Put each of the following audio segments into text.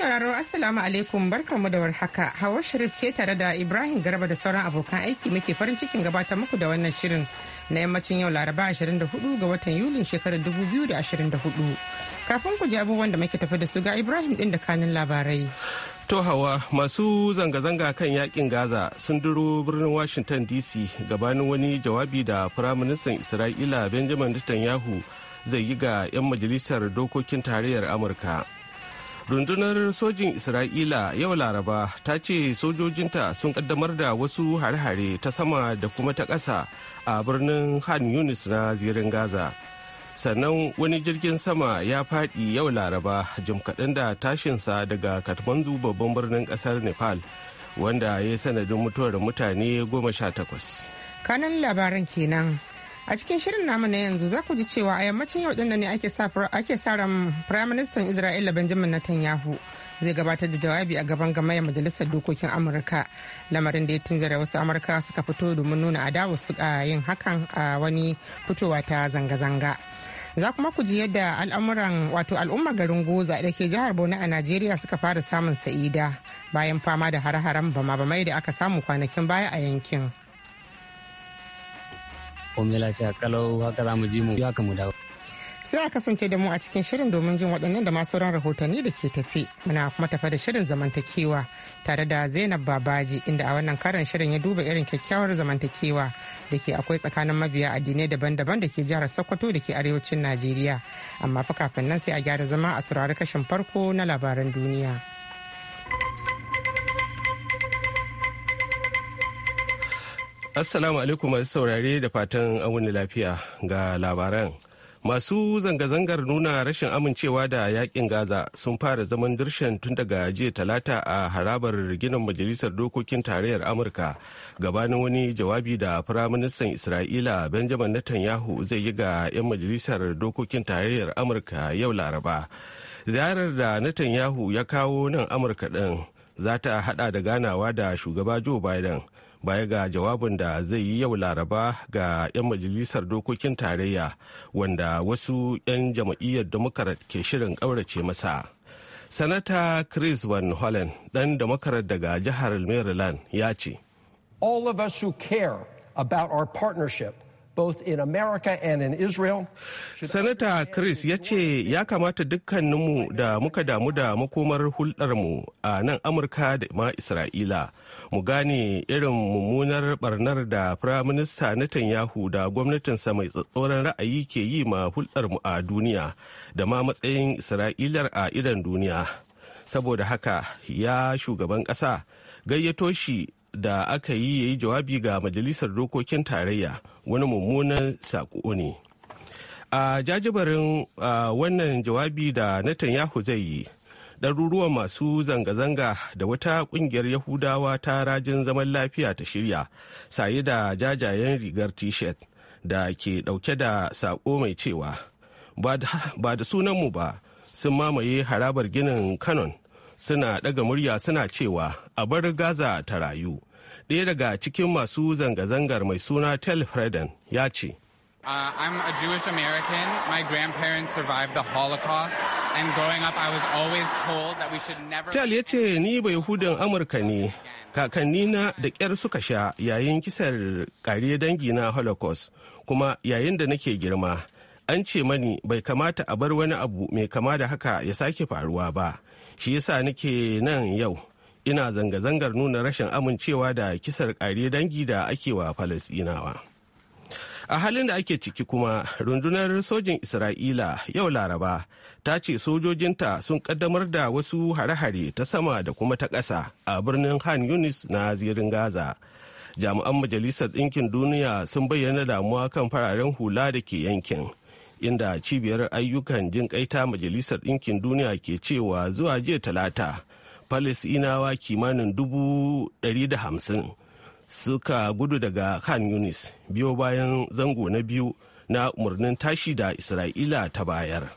sauraro Assalamu alaikum barkanmu da warhaka. Hawa Sharif ce tare da Ibrahim Garba da sauran abokan aiki muke farin cikin gabata muku da wannan shirin na yammacin yau Laraba 24 ga watan Yulin shekarar 2024. Kafin ku ji abubuwan da muke tafi da su ga Ibrahim din da kanin labarai. To hawa masu zanga-zanga kan yakin Gaza sun duro birnin Washington DC gabanin wani jawabi da Firaministan Isra'ila Benjamin Netanyahu zai yi ga 'yan majalisar dokokin tarayyar Amurka. rundunar sojin isra'ila yau laraba ta ce sojojinta sun kaddamar da wasu hare-hare ta sama da kuma ta ƙasa a birnin han yunis na zirin gaza sannan wani jirgin sama ya fadi yau laraba jim kaɗan da tashinsa daga katmandu babban birnin ƙasar nepal wanda ya sanadin mutuwar mutane goma sha takwas kanan labaran kenan a cikin shirin namu na yanzu za ku ji cewa a yammacin yau dinnan ne ake sa ran firaministan isra'ila benjamin netanyahu zai gabatar da jawabi a gaban gamayyar majalisar dokokin amurka lamarin da ya tunzara wasu amurka suka fito domin nuna adawa su a yin hakan a wani fitowa ta zanga-zanga za kuma ku ji yadda al'amuran wato al'umma garin goza da ke jihar borno a najeriya suka fara samun sa'ida bayan fama da hare-haren bama-bamai da aka samu kwanakin baya a yankin mai lafiya kalau haka za mu ji mu haka mu dawo. sai a kasance da mu a cikin shirin domin jin waɗannan da masu sauran rahotanni da ke tafi muna kuma tafa da shirin zamantakewa tare da zainab babaji inda a wannan karan shirin ya duba irin kyakkyawar zamantakewa da ke akwai tsakanin mabiya addinai daban-daban da ke jihar sokoto da ke arewacin najeriya amma fa kafin nan sai a gyara zama a saurari kashin farko na labaran duniya. Assalamu alaikum masu saurare da fatan an lafiya ga labaran. Masu zanga-zangar nuna rashin amincewa da yakin Gaza sun fara zaman dirshan tun daga jiya talata a harabar ginin Majalisar Dokokin Tarayyar Amurka gabanin wani jawabi da Firaministan Isra'ila Benjamin Netanyahu zai yi ga 'yan Majalisar Dokokin Tarayyar Amurka yau Laraba. Ziyarar da Netanyahu ya kawo nan Amurka ɗin. za ta hada da ganawa da shugaba joe biden baya ga jawabin da zai yi yau laraba ga 'yan majalisar dokokin tarayya wanda wasu 'yan jam'iyyar democrat ke shirin ƙaurace masa sanata chris van hollen dan democrat daga jihar maryland ya ce all of us who care about our partnership Sanata Chris ya ce ya kamata dukkaninmu da muka damu da makomar hulɗarmu a nan Amurka da ma Isra'ila. Mu gane irin mummunar barnar da Firaminista Netanyahu da gwamnatinsa mai tsatsoron ra'ayi ke yi ma hulɗarmu a duniya da ma matsayin Isra'ilar a idan duniya. Saboda haka ya shugaban ƙasa gayyato shi da aka yi ya yi jawabi ga majalisar dokokin tarayya wani mummunan saƙo ne a jajibarin wannan jawabi da netanyahu zai yi ɗaruruwan masu zanga-zanga da wata ƙungiyar yahudawa ta rajin zaman lafiya ta shirya saye da jajayen rigar t-shirt da ke ɗauke da saƙo mai cewa ba da sunanmu ba sun mamaye harabar ginin kanon suna daga murya suna cewa a bar gaza ta rayu ɗaya daga cikin masu zanga-zangar mai suna tel freden ya ce Uh, My grandparents survived the Holocaust. And growing up, I was always never... Tal ya ce ni bai hudun Amurka ne, kakanni na da ƙyar suka sha yayin kisar karye dangi na Holocaust, kuma yayin da nake girma, an ce mani bai kamata a bar wani abu mai kama da haka ya sake faruwa ba. shi yasa nake nan yau ina zanga-zangar nuna rashin amincewa da kisar kare dangi da ake wa falasinawa a halin da ake ciki kuma rundunar sojin isra'ila yau laraba ta ce sojojinta sun kaddamar da wasu hare-hare ta sama da kuma ta ƙasa a birnin han yunis na zirin gaza jami'an majalisar ɗinkin duniya sun bayyana damuwa kan fararen hula da ke yankin inda cibiyar ayyukan jin ta majalisar ɗinkin duniya ke cewa zuwa jiya talata falasinawa kimanin dubu da hamsin suka gudu daga khan yunis biyo bayan zango na biyu na umarnin tashi da isra'ila ta bayar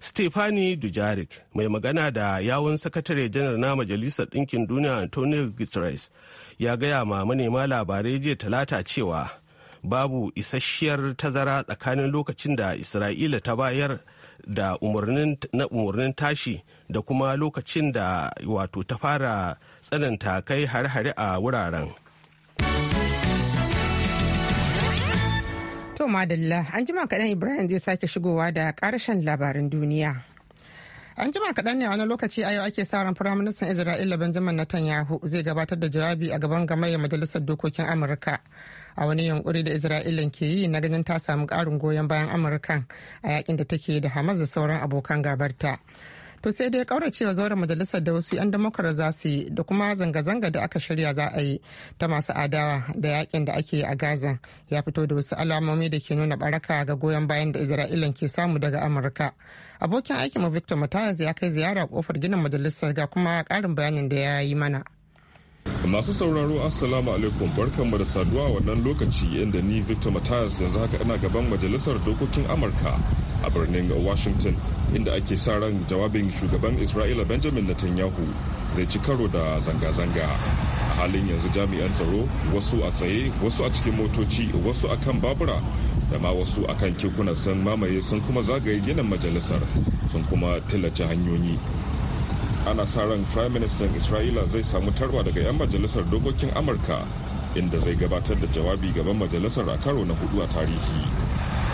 stefani dujarik mai magana da yawun sakatare janar na majalisar ɗinkin duniya antonio guterres ya gaya ma manema labarai jiya talata cewa babu isasshiyar tazara tsakanin lokacin da isra'ila ta bayar da umarnin na umarnin tashi da kuma lokacin da wato ta fara tsananta kai hare-hare a wuraren To madalla an jima kaɗan Ibrahim zai sake shigowa da ƙarshen labarin duniya An jima kaɗan ne a wani lokaci a yau ake sa ran Firaministan Isra'ila Benjamin Netanyahu zai gabatar da jawabi a gaban gamayyar Majalisar Dokokin Amurka. a wani yunkuri da isra'ilan ke yi na ganin ta samu ƙarin goyon bayan amurkan a yakin da take da hamas da sauran abokan gabarta to sai dai kauracewa zauren majalisar da wasu 'yan damakar za su yi da kuma zanga-zanga da aka shirya za a yi ta masu adawa da yakin da ake yi a gaza ya fito da wasu alamomi da ke nuna baraka ga goyon bayan da isra'ilan ke samu daga amurka abokin aikinmu victor matayas ya kai ziyara kofar ginin majalisar ga kuma karin bayanin da ya yi mana Masu sauraro Assalamu alaikum barkanmu da saduwa wannan lokaci inda ni Victor Matthias yanzu haka ina gaban majalisar dokokin Amurka a birnin Washington inda ake sa ran jawabin shugaban Isra'ila Benjamin Netanyahu zai ci karo da zanga-zanga. A halin yanzu jami'an tsaro wasu a tsaye wasu a cikin motoci wasu a kan babura da ma wasu a kan kekuna sun mamaye sun kuma zagaye ginin majalisar sun kuma tilace hanyoyi. ana sa ran prime minister isra'ila zai samu tarwa daga 'yan majalisar dokokin amurka inda zai gabatar da jawabi gaban majalisar a karo na hudu a tarihi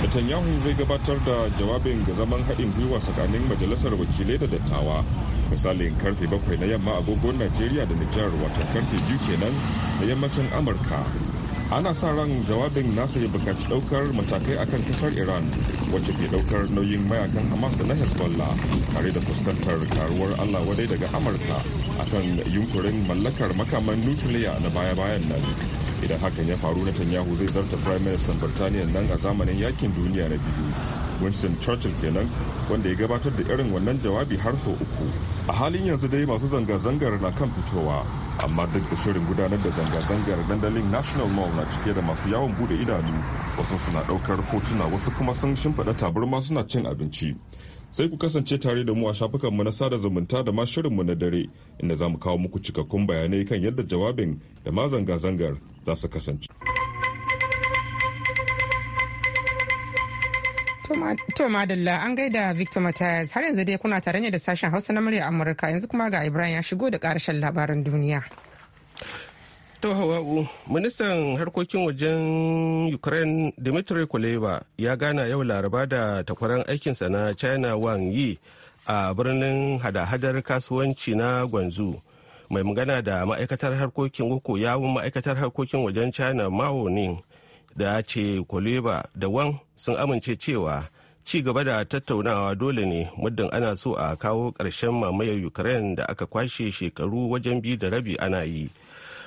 netanyahu zai gabatar da jawabin ga zaman haɗin gwiwa tsakanin majalisar wakilai da dattawa misalin karfe bakwai na yamma agogon najeriya da nijar wato karfe biyu kenan na yammacin amurka ana sa ran jawabin nasa ya bukaci daukar matakai akan kasar iran wacce ke daukar nauyin mayakan hamas da na hezbollah tare da fuskantar karuwar allah wadai daga amurka akan yunkurin mallakar makaman nukiliya na baya-bayan nan idan hakan ya faru netanyahu zai zarta prime minister birtaniya nan a zamanin yakin duniya na biyu winston churchill kenan wanda ya gabatar da irin wannan jawabi har sau uku a halin yanzu dai masu zanga-zangar na kan fitowa amma duk da shirin gudanar da zanga-zangar dandalin national mall na cike da masu yawon bude idanu wasu suna daukar hotuna wasu kuma sun shimfiɗa tabarma suna cin abinci sai ku kasance tare da mu a shafukanmu na sada zumunta da ma shirinmu na dare inda zamu kawo muku cikakkun bayanai kan yadda jawabin da ma zanga-zangar za su kasance. To Madalla an gaida Victor Matthias har yanzu dai kuna tare ne da sashen Hausa na murya Amurka yanzu kuma ga Ibrahim ya shigo da karashen labaran duniya. To Hawa'u, ministan harkokin wajen Ukraine Dmitry Kuleba ya gana yau laraba da takwaran aikinsa na China Wang Yi a birnin hada-hadar kasuwanci na Gwanzu. Mai magana da ma'aikatar harkokin uku yawun ma'aikatar harkokin wajen China Mao Ning da ce Koleba da wan sun amince cewa ci gaba da tattaunawa dole ne muddin ana so a kawo ƙarshen mamayar Ukraine da aka kwashe shekaru wajen biyu da rabi ana yi.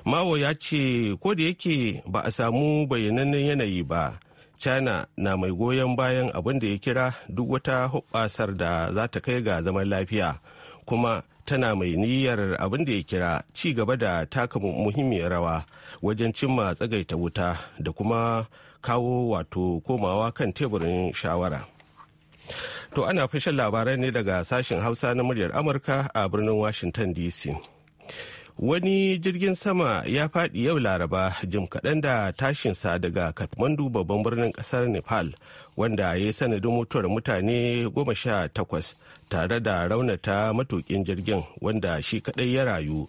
mawo ya ce ko da yake ba a samu bayyanannen yanayi ba. China na mai goyon bayan abin da ya kira duk wata hubbasar da za ta kai ga zaman lafiya. kuma tana mai niyyar abin da ya kira ci gaba da taka muhimmiyar rawa wajen cimma tsagaita wuta da kuma kawo wato komawa kan teburin shawara. To ana fashin labarai ne daga sashen Hausa na muryar Amurka a birnin Washington DC. wani jirgin sama ya faɗi yau laraba jim kaɗan da tashinsa daga kathmandu babban birnin ƙasar nepal wanda ya yi sanadin mutuwar mutane goma sha takwas tare da raunata matukin jirgin wanda shi kaɗai ya rayu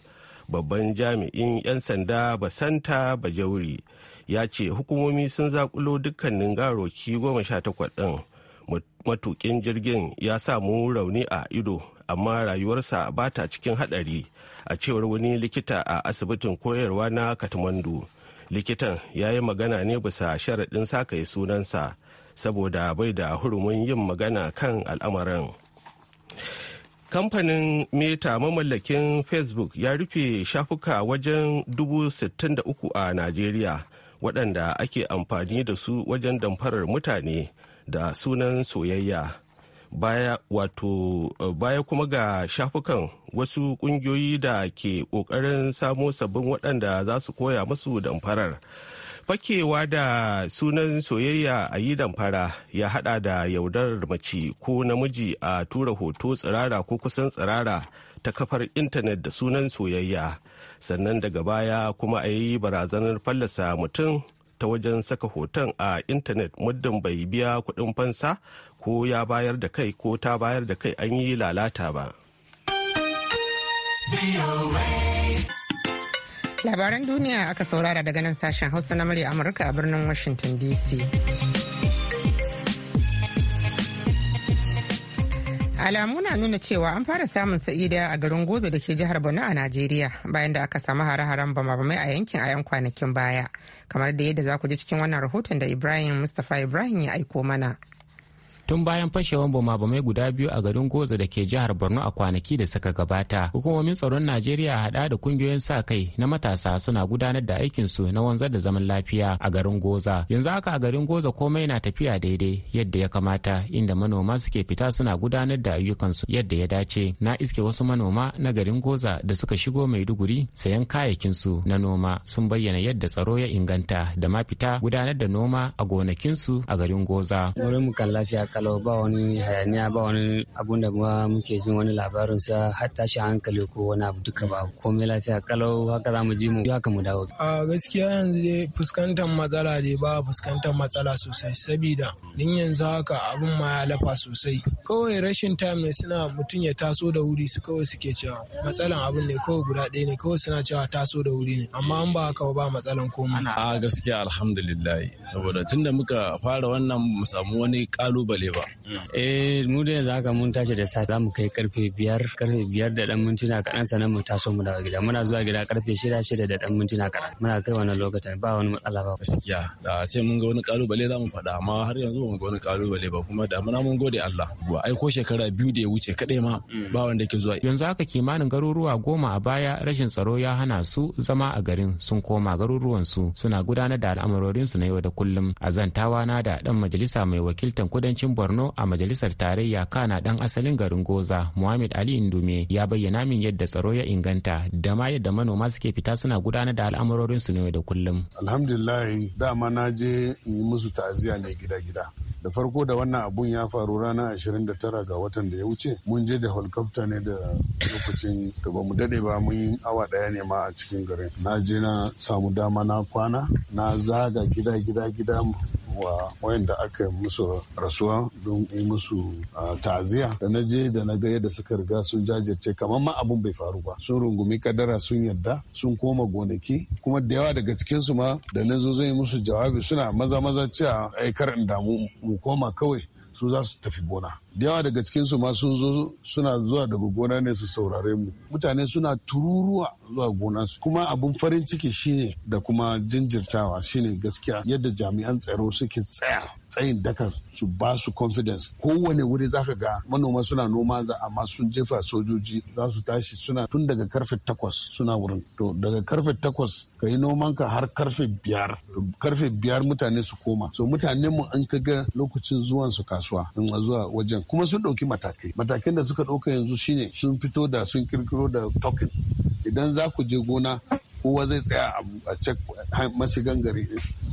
babban jami'in 'yan sanda basanta bajauri ya ce hukumomi sun zakulo dukkanin garoki goma sha takwas ɗin matukin jirgin ya samu rauni a ido amma rayuwarsa ba ta cikin haɗari a cewar wani likita a asibitin koyarwa na katmandu likitan ya yi magana ne bisa sharaɗin yi sunansa saboda bai da hurumin yin magana kan al'amarin kamfanin meta mamallakin facebook ya rufe shafuka wajen 63 a najeriya waɗanda ake amfani da su wajen damfarar mutane da sunan soyayya baya wato eh, baya kuma ga shafukan wasu kungiyoyi da ke kokarin samo sabbin waɗanda za su koya musu damfarar fakewa da sunan soyayya a yi damfara ya hada da yaudarar mace ko namiji a tura hoto tsirara ko kusan tsirara ta kafar intanet da sunan soyayya sannan daga baya kuma a yi barazanar fallasa mutum ta wajen saka hoton a intanet muddin bai biya kuɗin fansa ko ya bayar da kai ko ta bayar da kai an yi lalata ba. Labaran duniya aka saurara daga nan sashen Hausa na murya Amurka a birnin Washington DC. alamu na nuna cewa an fara samun sa'ida a garin goza da ke jihar borno a najeriya bayan da aka samu hare-haren bama-bamai a yankin a yan kwanakin baya kamar da yadda za ku ji cikin wannan rahoton da ibrahim mustapha ibrahim ya aiko mana tun bayan fashewan bama-bamai guda biyu a garin goza da ke jihar borno a kwanaki da suka gabata hukumomin tsaron najeriya hada da kungiyoyin sa kai na matasa suna gudanar da aikinsu na wanzar da zaman lafiya a garin goza yanzu haka a garin goza komai na tafiya daidai yadda ya kamata inda manoma suke fita suna gudanar da ayyukansu yadda ya dace na iske wasu manoma na garin goza da suka shigo maiduguri sayan kayayyakin su na noma sun bayyana yadda tsaro ya inganta da ma fita gudanar da noma a gonakinsu a garin goza. kalau ba wani hayaniya ba wani abun da ma muke jin wani labarin sa har tashi hankali ko wani abu duka ba komai lafiya kalau haka za mu ji mu haka mu dawo. A gaskiya yanzu dai fuskantar matsala dai ba fuskantar matsala sosai sabida din yanzu haka abun ma ya lafa sosai. Kawai rashin time ne suna mutum ya taso da wuri su kawai suke cewa matsalan abun ne kawai guda ɗaya ne kawai suna cewa taso da wuri ne amma an ba haka ba matsalan komai. A gaskiya alhamdulillah saboda tunda muka fara wannan mu samu wani kalubale kalubale ba. Eh mu da yanzu haka mun tashi da safe za mu kai karfe biyar karfe biyar da dan mintuna kaɗan sannan mu taso mu dawo gida muna zuwa gida karfe shida shida da dan mintuna kaɗan muna kai wannan lokacin ba wani matsala ba. Gaskiya da ce mun ga wani kalubale za mu faɗa amma har yanzu ba mu ga wani kalubale ba kuma da muna mun gode Allah. Ba ai ko shekara biyu da ya wuce kaɗai ma ba wanda ke zuwa. Yanzu haka kimanin garuruwa goma a baya rashin tsaro ya hana su zama a garin sun koma garuruwansu suna gudanar da al'amarorinsu na yau da kullum a zantawa na da dan majalisa mai wakiltan kudancin borno a majalisar tarayya kana dan asalin garin goza muhammad ali indume ya bayyana min yadda tsaro ya inganta da ma yadda manoma suke fita suna gudanar da al'amurorin su ne da kullum alhamdulillah dama na je in yi musu ta'aziya ne gida gida da farko da wannan abun ya faru ranar 29 ga watan da ya wuce mun je da helicopter ne da lokacin da ba mu dade ba mun yi awa daya ne ma a cikin garin na je na samu dama na kwana na zaga gida gida gida wa wayanda aka musu rasuwa don yi musu taziya da na je da na ga yadda suka riga sun jajirce kamar ma abun bai faru ba sun rungumi kadara sun yarda sun koma gonaki kuma da yawa daga cikinsu ma da na zo zai musu jawabi suna maza maza cewa aikar in damu mu koma kawai su za su tafi gona da yawa daga cikin su ma zo suna zuwa daga gona ne su saurare mu mutane suna tururuwa zuwa gona su kuma abun farin ciki shine da kuma jinjirtawa shine gaskiya yadda jami'an tsaro suke tsaya tsayin daka su ba su confidence kowane wuri za ka ga manoma suna noma amma sun jefa sojoji za su tashi suna tun daga karfe takwas suna wurin to daga karfe takwas ka yi nomanka har karfe biyar karfe biyar mutane su koma so mutane mu an ka ga lokacin zuwan su kasuwa in zuwa wajen kuma sun ɗauki matakai matakin da suka ɗauka yanzu shine sun fito da sun kirkiro da token idan za ku je gona kowa zai tsaya a cek mashigan gari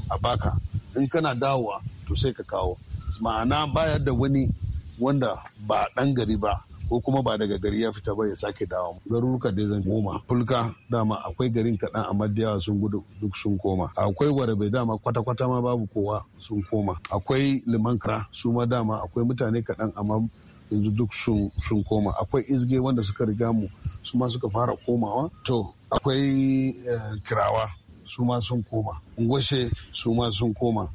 a baka in kana dawowa to sai ka kawo ma'ana bayar da wani wanda ba ɗan gari ba ko kuma ba daga gari ya fita ba ya sake dawo garuruka dai zan goma fulka dama akwai garin kaɗan amma da yawa sun gudu duk sun koma akwai warabe dama kwata-kwata ma babu kowa sun koma akwai limankara su ma dama akwai mutane kaɗan amma yanzu duk sun koma akwai izge wanda suka riga mu su ma suka fara komawa to akwai eh, kirawa su ma sun koma ungwashe su ma sun koma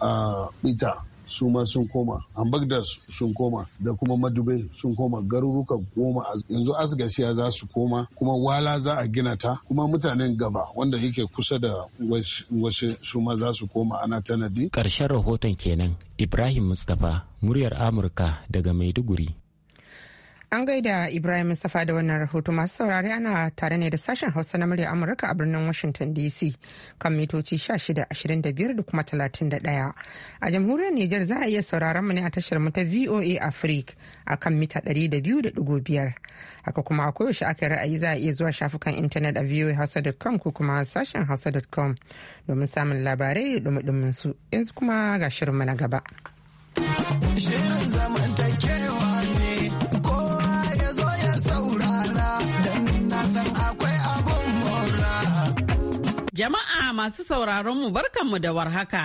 a bita su ma sun koma ambagdas sun koma da kuma madubai sun koma garuruka goma yanzu asgasiya za su koma kuma wala za a gina ta kuma mutanen gaba wanda yake kusa da wasu su ma za su koma ana tanadi karshen rahoton kenan ibrahim mustapha muryar amurka daga maiduguri An gaida Ibrahim Mustapha da wannan rahoto masu saurari ana tare ne da sashen Hausa na murya Amurka a birnin Washington DC kan mitoci 1625 da kuma 31. A jamhuriyar Nijar za a iya sauraron mu ne a tashar mu ta VOA Africa a kan mita 200.5. Haka kuma a koyaushe aka ra'ayi za a iya zuwa shafukan intanet a voahausa.com ko kuma sashen hausa.com domin samun labarai da dumi su. Yanzu kuma ga shirin na gaba. masu sauraronmu barkanmu da warhaka.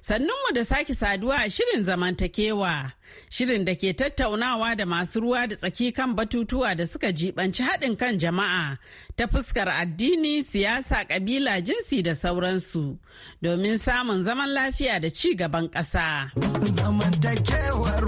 Sannunmu da sake saduwa a shirin zamantakewa, shirin da ke tattaunawa da masu ruwa da tsaki kan batutuwa da suka jibanci haɗin kan jama'a ta fuskar addini, siyasa, ƙabila, jinsi da sauransu, domin samun zaman lafiya da ci gaban ƙasa. Zamantakewar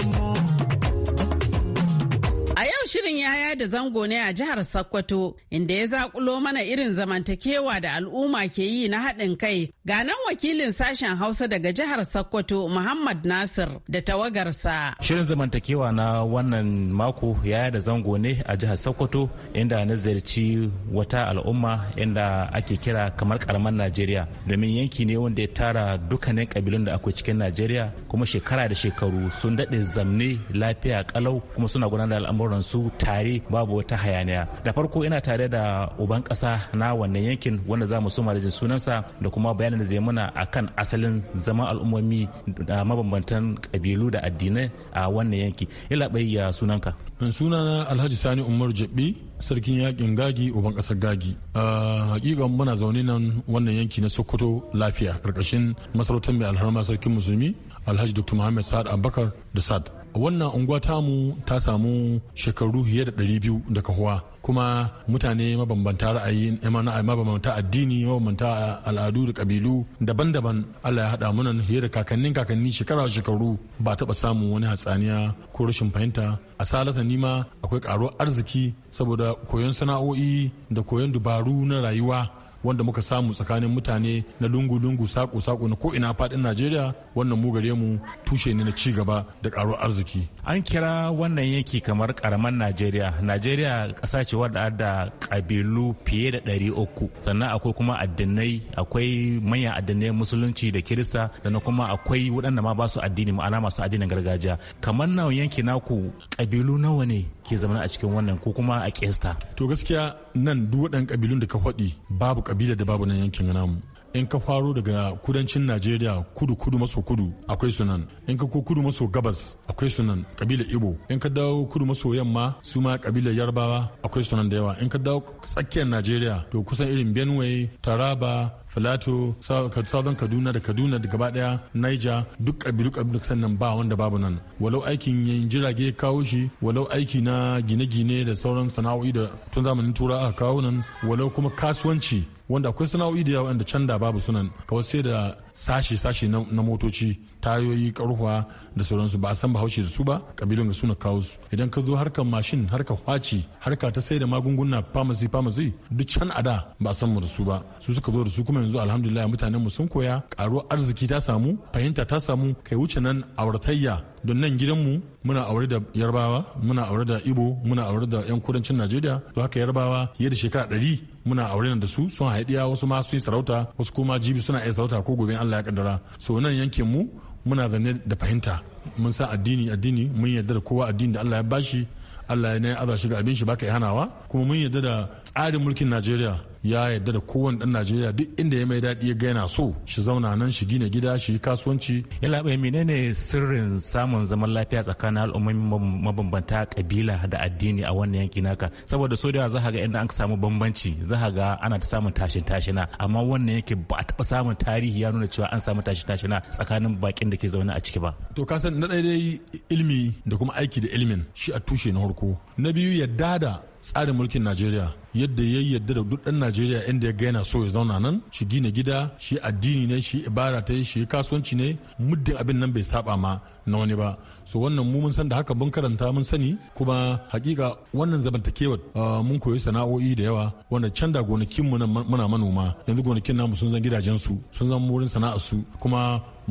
A yau shirin yaya da zango ne a jihar Sokoto inda ya zakulo mana irin zamantakewa da al'umma ke yi na haɗin kai. Ga nan wakilin sashen Hausa daga jihar Sokoto Muhammad Nasir da tawagarsa. Shirin zamantakewa na wannan mako yaya da zango ne a jihar Sokoto inda na ziyarci wata al'umma inda ake kira kamar karamar Najeriya domin yanki ne wanda ya tara dukkanin kabilun da akwai cikin Najeriya kuma shekara da shekaru sun daɗe zamne lafiya kalau kuma suna gudanar da al'amuran su tare babu wata hayaniya da farko ina tare da uban kasa na wannan yankin wanda za mu suma da sunansa da kuma bayanin da zai muna akan asalin zaman al'ummomi da mabambantan kabilu da addinai a wannan yanki ila bai ya sunanka sunana alhaji sani umar jabi sarkin yakin gagi uban kasar gagi a hakikan muna zaune nan wannan yanki na sokoto lafiya karkashin masarautar mai alharma sarkin musulmi alhaji dr muhammad sa'ad abubakar da sa'ad wannan unguwa tamu ta samu shekaru fiye da 200 da huwa. kuma mutane mabambanta ra'ayi mabambanta addini mabambanta al'adu da kabilu daban-daban Allah ya haɗa munan nan da kakannin kakanni shekara shekaru ba taɓa samun wani hatsaniya ko rashin fahimta a salata nima akwai ƙaruwar arziki saboda koyon sana'o'i da koyon dubaru na rayuwa wanda muka samu tsakanin mutane na lungu-lungu sako-sako na ko'ina faɗin najeriya wannan mu gare mu tushe ne na ci gaba da ƙaruwar arziki an kira wannan yanki kamar karamar najeriya najeriya ƙasa ce wadda da ƙabilu fiye da ɗari uku sannan akwai kuma addinai akwai manyan addinai musulunci da kirista sannan kuma akwai waɗanda ma ba su addini ma'ana masu addinin gargajiya kamar nawa yanki naku ƙabilu nawa ne ke zama a cikin wannan ko kuma a ƙesta to gaskiya nan duk waɗannan ƙabilun da ka faɗi babu ƙabila da babu nan yankin namu in ka faro daga kudancin najeriya kudu kudu maso kudu akwai sunan in ka ko kudu maso gabas akwai sunan kabila ibo in ka dawo kudu maso yamma su ma kabilar yarbawa akwai sunan da yawa in ka dawo tsakiyar najeriya to kusan irin benue taraba filato southern kaduna da kaduna da gaba daya naija duk kabilu kabilu sannan ba wanda babu nan walau aikin yin jirage kawo shi walau aiki na gine-gine da sauran sana'o'i da tun zamanin tura aka kawo nan walau kuma kasuwanci wanda akwai sana'o'i da yawa wanda can da babu sunan kawai sai da sashi-sashi na motoci tayoyi karhuwa da sauransu ba a san bahaushe da su ba kabilun ga suna kawo su idan ka zo harkar mashin harkar kwaci harka ta sai da magunguna famasi famasi duk can a da ba a san mu da su ba su suka zo da su kuma yanzu alhamdulillah mutanen mu sun koya karuwar arziki ta samu fahimta ta samu kai wuce nan auratayya don nan gidanmu muna aure da yarbawa muna aure da ibo muna aure da yan kudancin najeriya to haka yarbawa fiye da shekara ɗari muna aure da su sun haɗiya wasu ma sun sarauta wasu kuma jibi suna iya sarauta ko gobe allah ya kaddara so nan yankin mu muna zanne da fahimta mun sa addini addini mun yarda da kowa addini da allah ya bashi allah ya na yi shi ga abin shi baka hanawa kuma mun yarda da tsarin mulkin najeriya ya yarda da kowane dan najeriya duk inda ya mai daɗi ya gaina so shi zauna nan shi gina gida shi yi kasuwanci yala bai menene sirrin samun zaman lafiya tsakanin al'ummomi mabambanta kabila da addini a wannan yanki naka saboda so da za ka ga inda an samu bambanci za ga ana ta samun tashin tashina amma wannan yake ba a taɓa samun tarihi ya nuna cewa an samu tashin tashina tsakanin bakin da ke zaune a ciki ba to ka san na ɗaya dai ilimi da kuma aiki da ilimin shi a tushe na farko na biyu yadda da tsarin mulkin Najeriya yadda ya yadda da duk ɗan Najeriya inda ya gaina so ya zauna nan shi gina gida shi addini ne shi ibara ta shi kasuwanci ne muddin abin nan bai saba ma na wani ba so wannan mu mun san da haka mun karanta mun sani kuma hakika wannan zamantakewar ah, mun koyi sana'o'i da yawa wanda can gonakin mu muna manoma yanzu gonakin namu sun zan gidajen su sun zan wurin sana'ar su kuma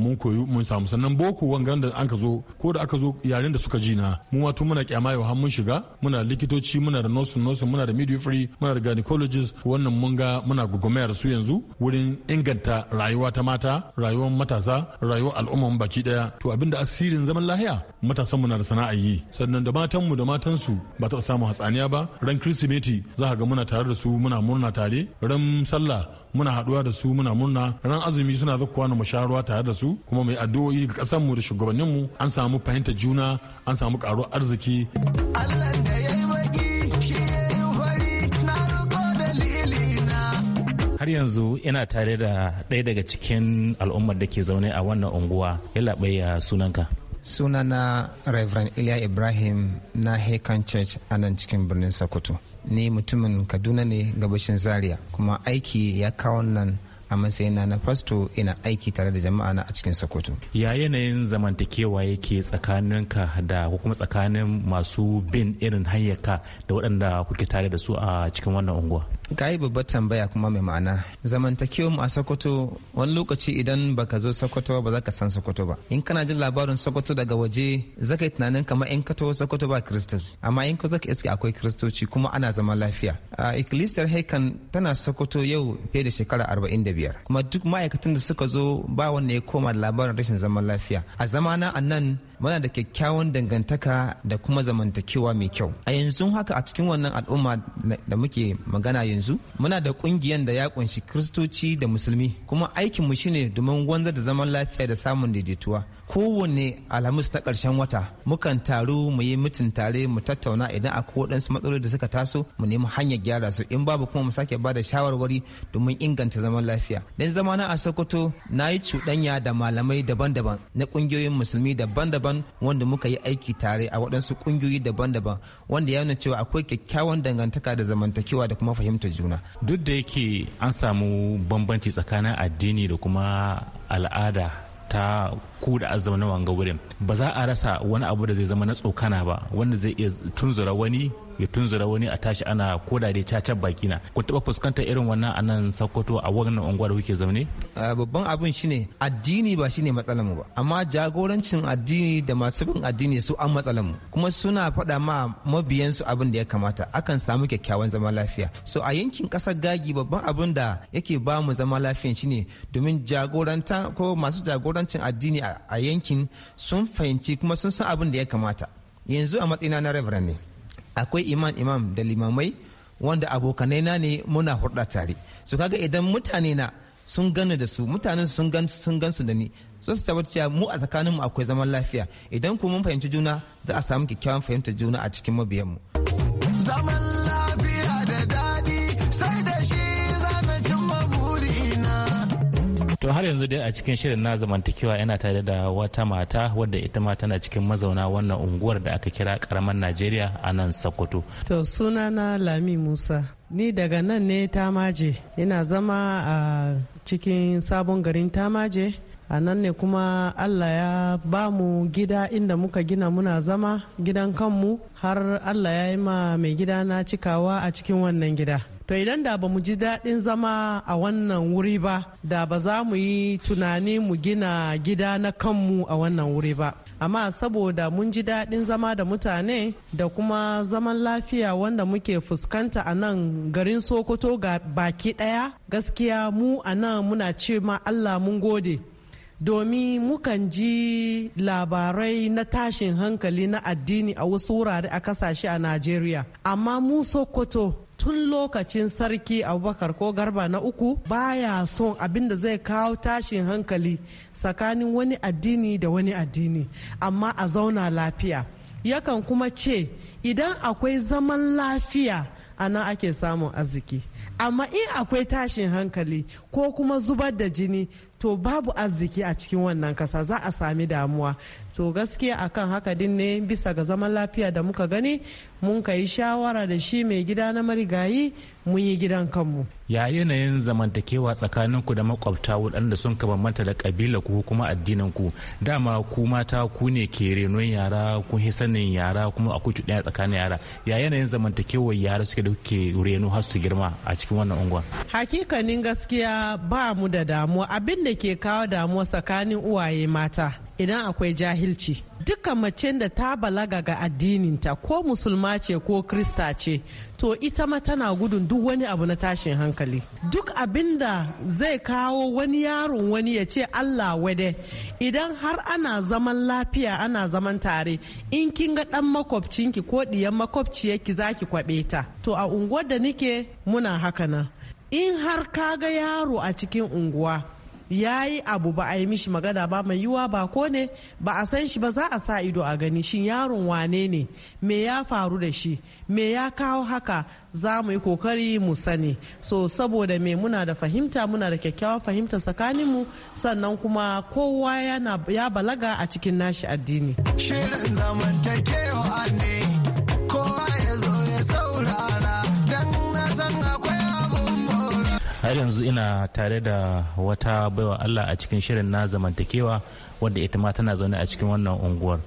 mun koyu mun samu sannan boko wangan da an ka zo ko da aka zo yaren da suka ji na mu wato muna kyama yau har mun shiga muna likitoci muna da nursing nursing muna da midwifery muna da gynecologist wannan mun ga muna gugumayar su yanzu wurin inganta rayuwa ta mata rayuwar matasa rayuwar al'umma baki daya to abinda asirin zaman lahiya matasan mu na da sana'a yi sannan da matan mu da matan su ba ta samu hatsaniya ba ran kirsimeti za ka ga muna tare da su muna murna tare ran sallah muna haduwa da su muna murna ran azumi suna zakkuwa na mu tare da su su kuma mai addu'o'i ga ƙasar mu da shugabannin mu an samu fahimta juna an samu ƙaruwar arziki Allah da har yanzu ina tare da ɗaya daga cikin al'ummar da ke zaune a wannan unguwa ya laɓaya sunanka sunana reverend ilya ibrahim na hakan church a nan cikin birnin sokoto ni mutumin kaduna ne gabashin zaria kuma aiki ya kawo nan a matsayina na fasto ina aiki tare da jama'a na a cikin sokoto ya yanayin zamantakewa yake tsakaninka da kuma tsakanin masu bin irin hanyarka da waɗanda kuke tare da su a cikin wannan unguwa ka yi babbar tambaya kuma mai ma'ana zamantakewa a sokoto wani lokaci idan baka zo sokoto ba za ka san sokoto ba in kana jin labarin sokoto daga waje za ka yi tunanin kamar in ka taho sokoto ba kiristoci amma in ka zo ka iske akwai kiristoci kuma ana zama lafiya a ikilisiyar haikan tana sokoto yau fiye da shekara arba'in da biyar kuma duk ma'aikatan da suka zo ba wanda ya koma da labarin rashin zaman lafiya a zamana a nan muna da kyakkyawan dangantaka da kuma zamantakewa mai kyau a yanzu haka a cikin wannan al'umma da muke magana yanzu muna da kungiyan da ya kunshi kristoci da musulmi kuma aikinmu mu shine domin wanzar da zaman lafiya da samun daidaituwa kowane alhamis ta karshen wata mukan taru mu yi mutun tare mu tattauna idan akwai waɗansu matsaloli da suka taso mu nemi hanyar gyara su in babu kuma mu sake bada shawarwari domin inganta zaman lafiya dan zama na a sokoto na yi cuɗanya da malamai daban-daban na ƙungiyoyin musulmi daban-daban wanda muka yi aiki tare a waɗansu ƙungiyoyi daban-daban wanda ya nuna cewa akwai kyakkyawan dangantaka da zamantakewa da kuma fahimtar juna duk da yake an samu bambanci tsakanin addini da kuma al'ada ta ku da azama na wanga wurin ba za a rasa wani abu da zai zama na tsokana ba wanda zai iya tunzura wani ya tunzura wani a tashi ana koda dai cacar baki na ku taba fuskantar irin wannan a nan sakkwato a wannan unguwar da kuke zaune babban abin shine addini ba shine matsalar mu ba amma jagorancin addini da masu bin addini su an matsalar mu kuma suna faɗa ma mabiyan su abin da ya kamata akan samu kyakkyawan zama lafiya so a yankin ƙasar gagi babban abin da yake ba mu zama lafiya shine domin jagoranta ko masu jagorancin addini a yankin sun fahimci kuma sun san abin da ya kamata yanzu a matsayina na reverend ne akwai imam imam da limamai wanda abokanai na ne muna hurɗa tare su kaga idan mutane na sun gani da su mutanen sun gan su da ni su su tabbatar cewa mu a tsakaninmu akwai zaman lafiya idan kuma mun fahimci juna za a samu kyakkyawan fahimtar juna a cikin mabiyanmu zaman to har yanzu dai a cikin shirin na zamantakewa yana tare da wata mata wadda ita ma tana cikin mazauna wannan unguwar da aka kira karamar najeriya a nan sokoto to suna na lami musa ni daga nan ne tamaje ina zama a cikin sabon garin tamaje a nan ne kuma allah ya ba mu gida inda muka gina muna zama gidan kanmu har allah ya yi ma mai gida na cikawa a cikin wannan gida to idan da ba mu ji daɗin zama a wannan wuri ba da ba za mu yi tunani mu gina gida na kanmu a wannan wuri ba amma saboda mun ji daɗin zama da mutane da kuma zaman lafiya wanda muke fuskanta a nan garin sokoto ga baki ɗaya gaskiya mu a nan muna ce ma allah mun gode domin mukan ji labarai na tashin hankali na addini a wasu wurare a kasashe a najeriya amma mu sokoto tun lokacin sarki abubakar ko garba na uku baya son abin da zai kawo tashin hankali tsakanin wani addini da wani addini amma a zauna lafiya yakan kuma ce idan akwai zaman lafiya a nan ake samun arziki amma in akwai tashin hankali ko kuma zubar da jini to babu arziki a cikin wannan kasa za a sami damuwa to gaskiya akan haka din ne bisa ga zaman lafiya da muka gani mun ka yi shawara da shi mai gida na marigayi mun yi gidan kanmu ya yanayin zamantakewa tsakaninku da makwabta waɗanda sun ka bambanta da kabila ku kuma addinin ku dama ku mata ku ne ke renon yara ku yi sanin yara kuma a kucu ɗaya tsakanin yara ya yanayin zamantakewar yara suke da ke reno har su girma a cikin wannan unguwa hakikanin gaskiya ba mu da damuwa abin da ke kawo damuwa tsakanin uwaye mata idan akwai jahilci duka mace da ta balaga ga addininta ko musulma ce ko krista ce to ita ma tana gudun duk wani abu na tashin hankali duk abinda zai kawo wani yaron wani ya ce allah wade idan har ana zaman lafiya ana zaman tare in kin ga dan makwabcinki ko diyan makwabciyarki zaki kwabe ta to a unguwar da nike muna haka nan in har ka ga yaro a cikin unguwa ya yi abu ba a yi mishi magana ba mai yiwa ba ko ne ba a san shi ba za a sa ido a gani shin yaron wane ne me ya faru da shi me ya kawo haka za mu yi kokari mu sani so saboda me muna da fahimta muna da kyakkyawan fahimta tsakaninmu sannan kuma kowa ya balaga a cikin nashi addini shirin zamantakewa ne har yanzu ina tare da wata baiwa Allah a cikin shirin na zamantakewa wadda ita ma tana zaune a cikin wannan unguwar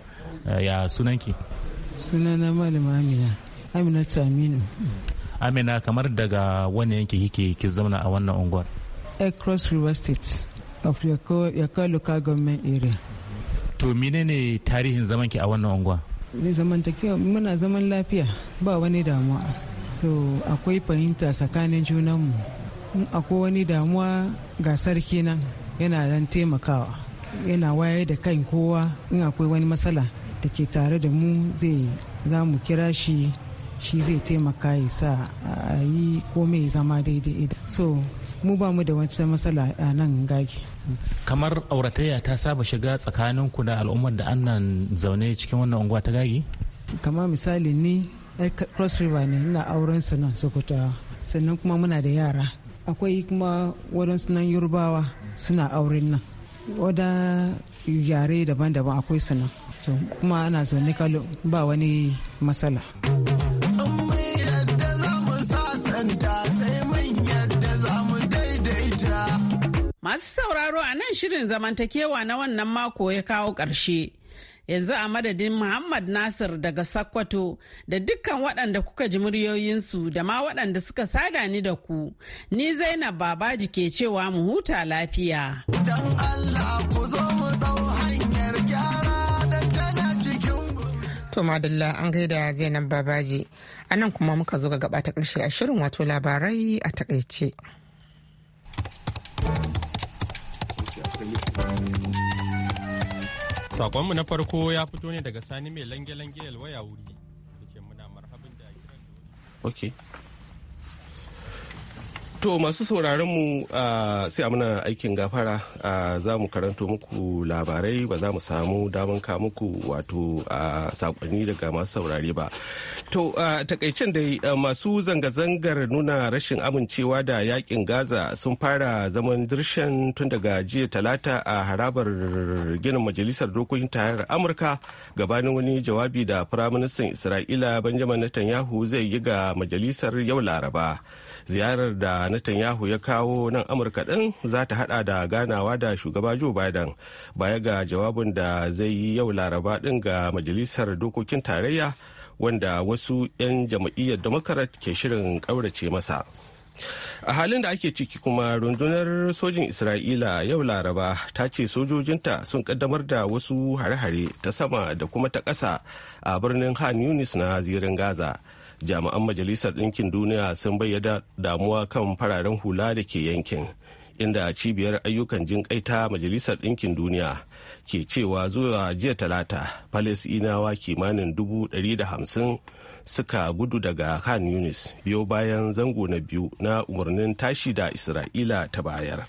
eh, ya sunanki sunana malama amina amina aminu amina kamar daga wani yanki kike ki zauna a wannan unguwar across eh, river state of yaka local government area to menene tarihin zamanki a wannan unguwa zamantakewa muna zaman lafiya ba wani damuwa so akwai fahimta tsakanin junanmu in akwai wani damuwa ga sarki nan yana dan taimakawa yana wayar da kan kowa in akwai wani matsala da ke tare da mu zai za mu kira shi shi zai taimaka ya sa a yi komai zama daidai so mu ba mu da wata matsala a nan gagi kamar auratayya ta saba shiga tsakanin ku da al'ummar da annan zaune cikin wannan unguwa ta gagi kamar misali ni cross river ne ina auren su nan sokoto sannan kuma muna da yara akwai kuma waɗansu nan yorubawa suna auren nan wada yare daban-daban akwai su nan kuma ana zaune kalo ba wani matsala. Masu sauraro a nan shirin zamantakewa na wannan mako ya kawo ƙarshe. yanzu a madadin Muhammad Nasir daga Sakkwato da dukkan waɗanda kuka ji muryoyinsu da ma waɗanda suka sada ni da ku. Ni Zainab Babaji ke cewa mu huta lafiya. Allah ku gyara To madalla an gaida Zainab Babaji. A kuma muka zo ga gaba ta ƙarshe a shirin wato labarai a takaice. Sakonmu na farko ya fito ne daga sani mai lange-lange ya wuri. Ok. To masu sauraron mu sai a muna aikin gafara za mu karanto muku labarai ba za mu samu damar ka muku wato sakonni daga masu saurare ba. To takaicen dai masu zanga-zangar nuna rashin amincewa da yakin Gaza sun fara zaman dirshan tun daga jiya talata a harabar ginin majalisar dokokin tarayyar Amurka gabanin wani jawabi da Firaministan Isra'ila Benjamin Netanyahu zai yi ga majalisar yau Laraba. ziyarar da netanyahu ya kawo nan amurka ɗin za ta hada da ganawa da shugaba joe biden baya ga jawabin da zai yi yau laraba ɗin ga majalisar dokokin tarayya wanda wasu 'yan jam'iyyar democrat ke shirin ƙaurace masa a halin da ake ciki kuma rundunar sojin isra'ila yau laraba ta ce sojojinta sun kaddamar da wasu hare-hare ta sama da kuma ta ƙasa a birnin hanunis na zirin gaza jami'an majalisar ɗinkin duniya sun bayyana damuwa kan fararen hula da ke yankin inda cibiyar ayyukan jin ta majalisar ɗinkin duniya ke cewa zuwa jiya talata falasinawa kimanin dubu ɗari da hamsin suka gudu daga khan yunis biyo bayan zango na biyu na umarnin tashi da isra'ila ta bayar.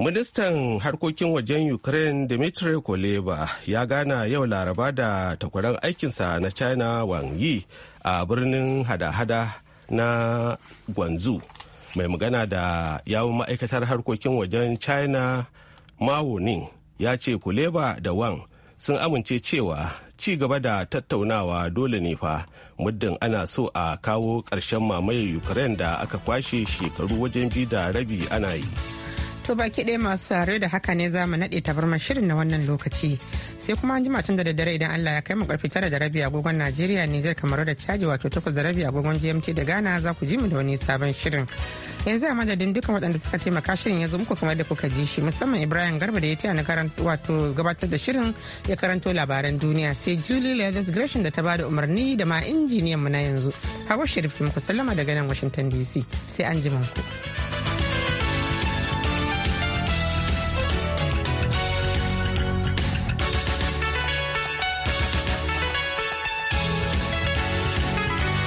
Ministan harkokin wajen Ukraine Dmitry Kuleba ya gana yau laraba da takwaran aikinsa na China Wang Yi a birnin hada-hada na Gwanzu. Mai magana da yawun ma'aikatar harkokin wajen China Mao Ning ya ce Kuleba da Wang sun amince cewa ci gaba da tattaunawa dole ne fa muddin ana so a kawo ƙarshen mamaye Ukraine da aka kwashe shekaru wajen bi da rabi ana yi. To baki ɗaya masu sare da haka ne za mu naɗe tabarmar shirin na wannan lokaci. Sai kuma an jima tun da daddare idan Allah ya kai mu karfi tara da rabi agogon Najeriya ne zai kamar da caji wato takwas da rabi agogon GMT da Ghana za ku ji mu da wani sabon shirin. Yanzu a madadin dukkan waɗanda suka taimaka shirin yanzu muku kamar da kuka ji shi musamman Ibrahim Garba da ya taya na karanta wato gabatar da shirin ya karanto labaran duniya sai Julie Leathers Gresham da ta bada umarni da ma injiniyan mu na yanzu. Hawa Sharif muku sallama daga nan Washington DC sai an ji ku.